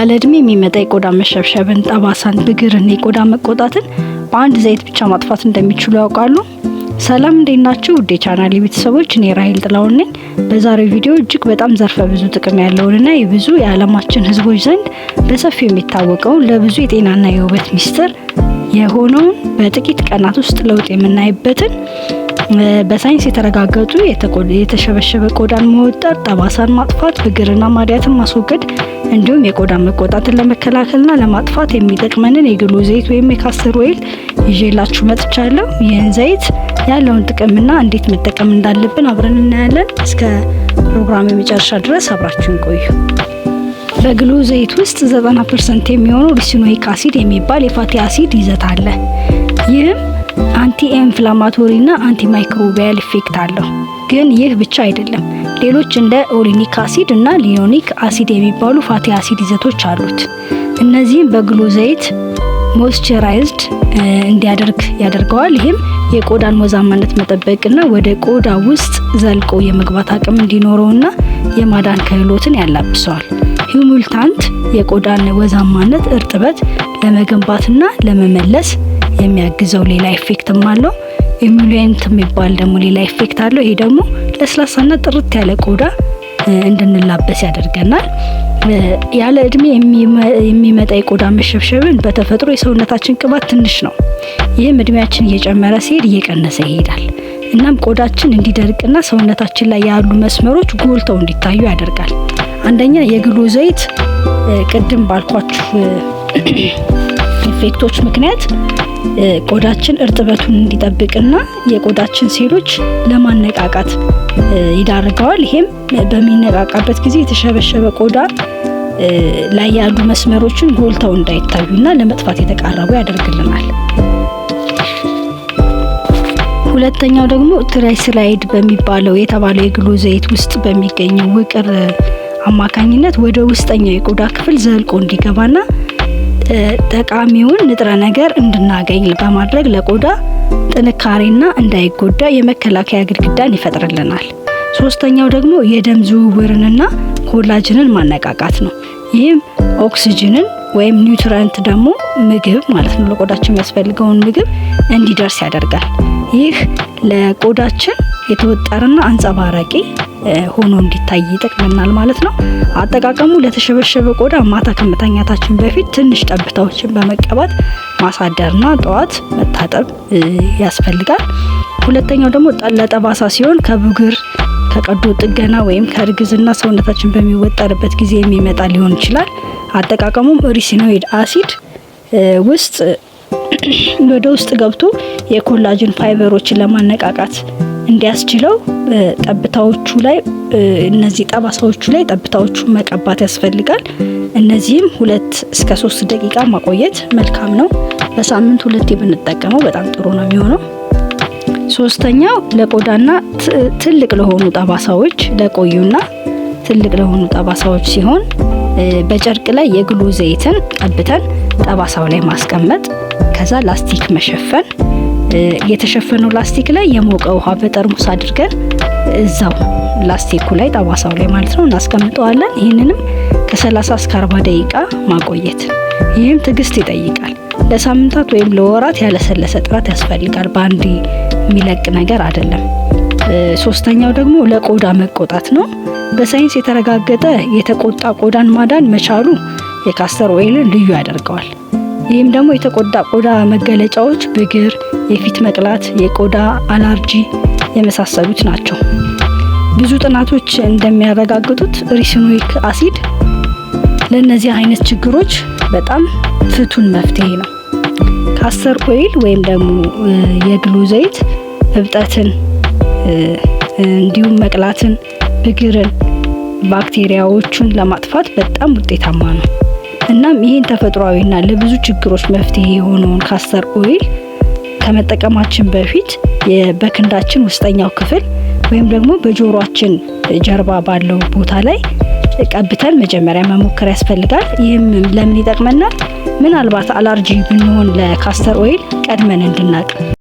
ያለ እድሜ የሚመጣ የቆዳ መሸብሸብን፣ ጠባሳን፣ ብግርን፣ የቆዳ መቆጣትን በአንድ ዘይት ብቻ ማጥፋት እንደሚችሉ ያውቃሉ? ሰላም እንዴት ናችሁ? ውዴ ቻናል የቤተሰቦች እኔ ራሄል ጥላውን ነኝ። በዛሬው ቪዲዮ እጅግ በጣም ዘርፈ ብዙ ጥቅም ያለውንና የብዙ የዓለማችን ሕዝቦች ዘንድ በሰፊው የሚታወቀውን ለብዙ የጤናና የውበት ሚስጥር የሆነውን በጥቂት ቀናት ውስጥ ለውጥ የምናይበትን በሳይንስ የተረጋገጡ የተሸበሸበ ቆዳን መወጠር፣ ጠባሳን ማጥፋት፣ ብግርና ማዲያትን ማስወገድ እንዲሁም የቆዳ መቆጣትን ለመከላከልና ለማጥፋት የሚጠቅመንን የግሎ ዘይት ወይም የካስተር ኦይል ይዤላችሁ መጥቻለሁ። ይህን ዘይት ያለውን ጥቅምና እንዴት መጠቀም እንዳለብን አብረን እናያለን። እስከ ፕሮግራም የመጨረሻ ድረስ አብራችሁን ቆዩ። በግሎ ዘይት ውስጥ 90 ፐርሰንት የሚሆነው አሲድ የሚባል የፋቲ አሲድ ይዘት አለ። ይህም አንቲ ኢንፍላማቶሪ እና አንቲ ማይክሮቢያል ኢፌክት አለው። ግን ይህ ብቻ አይደለም። ሌሎች እንደ ኦሊኒክ አሲድ እና ሊኖኒክ አሲድ የሚባሉ ፋቲ አሲድ ይዘቶች አሉት። እነዚህም በግሎ ዘይት ሞይስቸራይዝድ እንዲያደርግ ያደርገዋል። ይህም የቆዳን ወዛማነት መጠበቅና ወደ ቆዳ ውስጥ ዘልቆ የመግባት አቅም እንዲኖረውና የማዳን ክህሎትን ያላብሰዋል። ሂሙልታንት የቆዳን ወዛማነት እርጥበት ለመገንባትና ለመመለስ የሚያግዘው ሌላ ኤፌክትም አለው። ኢሚሉዌንት የሚባል ደግሞ ሌላ ኤፌክት አለው። ይሄ ደግሞ ለስላሳና ጥርት ያለ ቆዳ እንድንላበስ ያደርገናል። ያለ እድሜ የሚመጣ የቆዳ መሸብሸብን በተፈጥሮ የሰውነታችን ቅባት ትንሽ ነው። ይህም እድሜያችን እየጨመረ ሲሄድ እየቀነሰ ይሄዳል። እናም ቆዳችን እንዲደርቅና ሰውነታችን ላይ ያሉ መስመሮች ጎልተው እንዲታዩ ያደርጋል። አንደኛ የግሎ ዘይት ቅድም ባልኳችሁ ኢፌክቶች ምክንያት ቆዳችን እርጥበቱን እንዲጠብቅና የቆዳችን ሴሎች ለማነቃቃት ይዳርገዋል። ይሄም በሚነቃቃበት ጊዜ የተሸበሸበ ቆዳ ላይ ያሉ መስመሮችን ጎልተው እንዳይታዩና ለመጥፋት የተቃረቡ ያደርግልናል። ሁለተኛው ደግሞ ትራይስላይድ በሚባለው የተባለው የግሎ ዘይት ውስጥ በሚገኘው ውቅር አማካኝነት ወደ ውስጠኛው የቆዳ ክፍል ዘልቆ እንዲገባና ጠቃሚውን ንጥረ ነገር እንድናገኝ በማድረግ ለቆዳ ጥንካሬና እንዳይጎዳ የመከላከያ ግድግዳን ይፈጥርልናል። ሶስተኛው ደግሞ የደም ዝውውርንና ኮላጅንን ማነቃቃት ነው። ይህም ኦክሲጅንን ወይም ኒውትሪንት ደግሞ ምግብ ማለት ነው ለቆዳችን የሚያስፈልገውን ምግብ እንዲደርስ ያደርጋል። ይህ ለቆዳችን የተወጠረና አንጸባራቂ ሆኖ እንዲታይ ይጠቅመናል ማለት ነው። አጠቃቀሙ ለተሸበሸበ ቆዳ ማታ ከመተኛታችን በፊት ትንሽ ጠብታዎችን በመቀባት ማሳደርና ጠዋት መታጠብ ያስፈልጋል። ሁለተኛው ደግሞ ለጠባሳ ሲሆን ከብጉር ከቀዶ ጥገና ወይም ከእርግዝና ሰውነታችን በሚወጠርበት ጊዜ የሚመጣ ሊሆን ይችላል። አጠቃቀሙም ሪሲኖይድ አሲድ ውስጥ ወደ ውስጥ ገብቶ የኮላጅን ፋይበሮችን ለማነቃቃት እንዲያስችለው ጠብታዎቹ ላይ እነዚህ ጠባሳዎቹ ላይ ጠብታዎቹ መቀባት ያስፈልጋል። እነዚህም ሁለት እስከ ሶስት ደቂቃ ማቆየት መልካም ነው። በሳምንት ሁለት የምንጠቀመው በጣም ጥሩ ነው የሚሆነው። ሶስተኛው ለቆዳና ትልቅ ለሆኑ ጠባሳዎች ለቆዩና ትልቅ ለሆኑ ጠባሳዎች ሲሆን በጨርቅ ላይ የግሉ ዘይትን ቀብተን ጠባሳው ላይ ማስቀመጥ ከዛ ላስቲክ መሸፈን የተሸፈነው ላስቲክ ላይ የሞቀ ውሃ በጠርሙስ አድርገን እዛው ላስቲኩ ላይ ጠባሳው ላይ ማለት ነው እናስቀምጠዋለን። ይህንንም ከ30 እስከ 40 ደቂቃ ማቆየት፣ ይህም ትዕግስት ይጠይቃል። ለሳምንታት ወይም ለወራት ያለሰለሰ ጥረት ያስፈልጋል። በአንድ የሚለቅ ነገር አይደለም። ሶስተኛው ደግሞ ለቆዳ መቆጣት ነው። በሳይንስ የተረጋገጠ የተቆጣ ቆዳን ማዳን መቻሉ የካስተር ኦይልን ልዩ ያደርገዋል። ይህም ደግሞ የተቆዳ ቆዳ መገለጫዎች ብግር የፊት መቅላት፣ የቆዳ አላርጂ የመሳሰሉት ናቸው። ብዙ ጥናቶች እንደሚያረጋግጡት ሪሲኖይክ አሲድ ለእነዚህ አይነት ችግሮች በጣም ፍቱን መፍትሄ ነው። ካስተር ኦይል ወይም ደግሞ የግሉ ዘይት እብጠትን፣ እንዲሁም መቅላትን፣ ብግርን፣ ባክቴሪያዎቹን ለማጥፋት በጣም ውጤታማ ነው። እናም ይህን ተፈጥሯዊና ለብዙ ችግሮች መፍትሄ የሆነውን ካስተር ኦይል ከመጠቀማችን በፊት በክንዳችን ውስጠኛው ክፍል ወይም ደግሞ በጆሮችን ጀርባ ባለው ቦታ ላይ ቀብተን መጀመሪያ መሞከር ያስፈልጋል። ይህም ለምን ይጠቅመናል? ምናልባት አላርጂ ብንሆን ለካስተር ኦይል ቀድመን እንድናቅ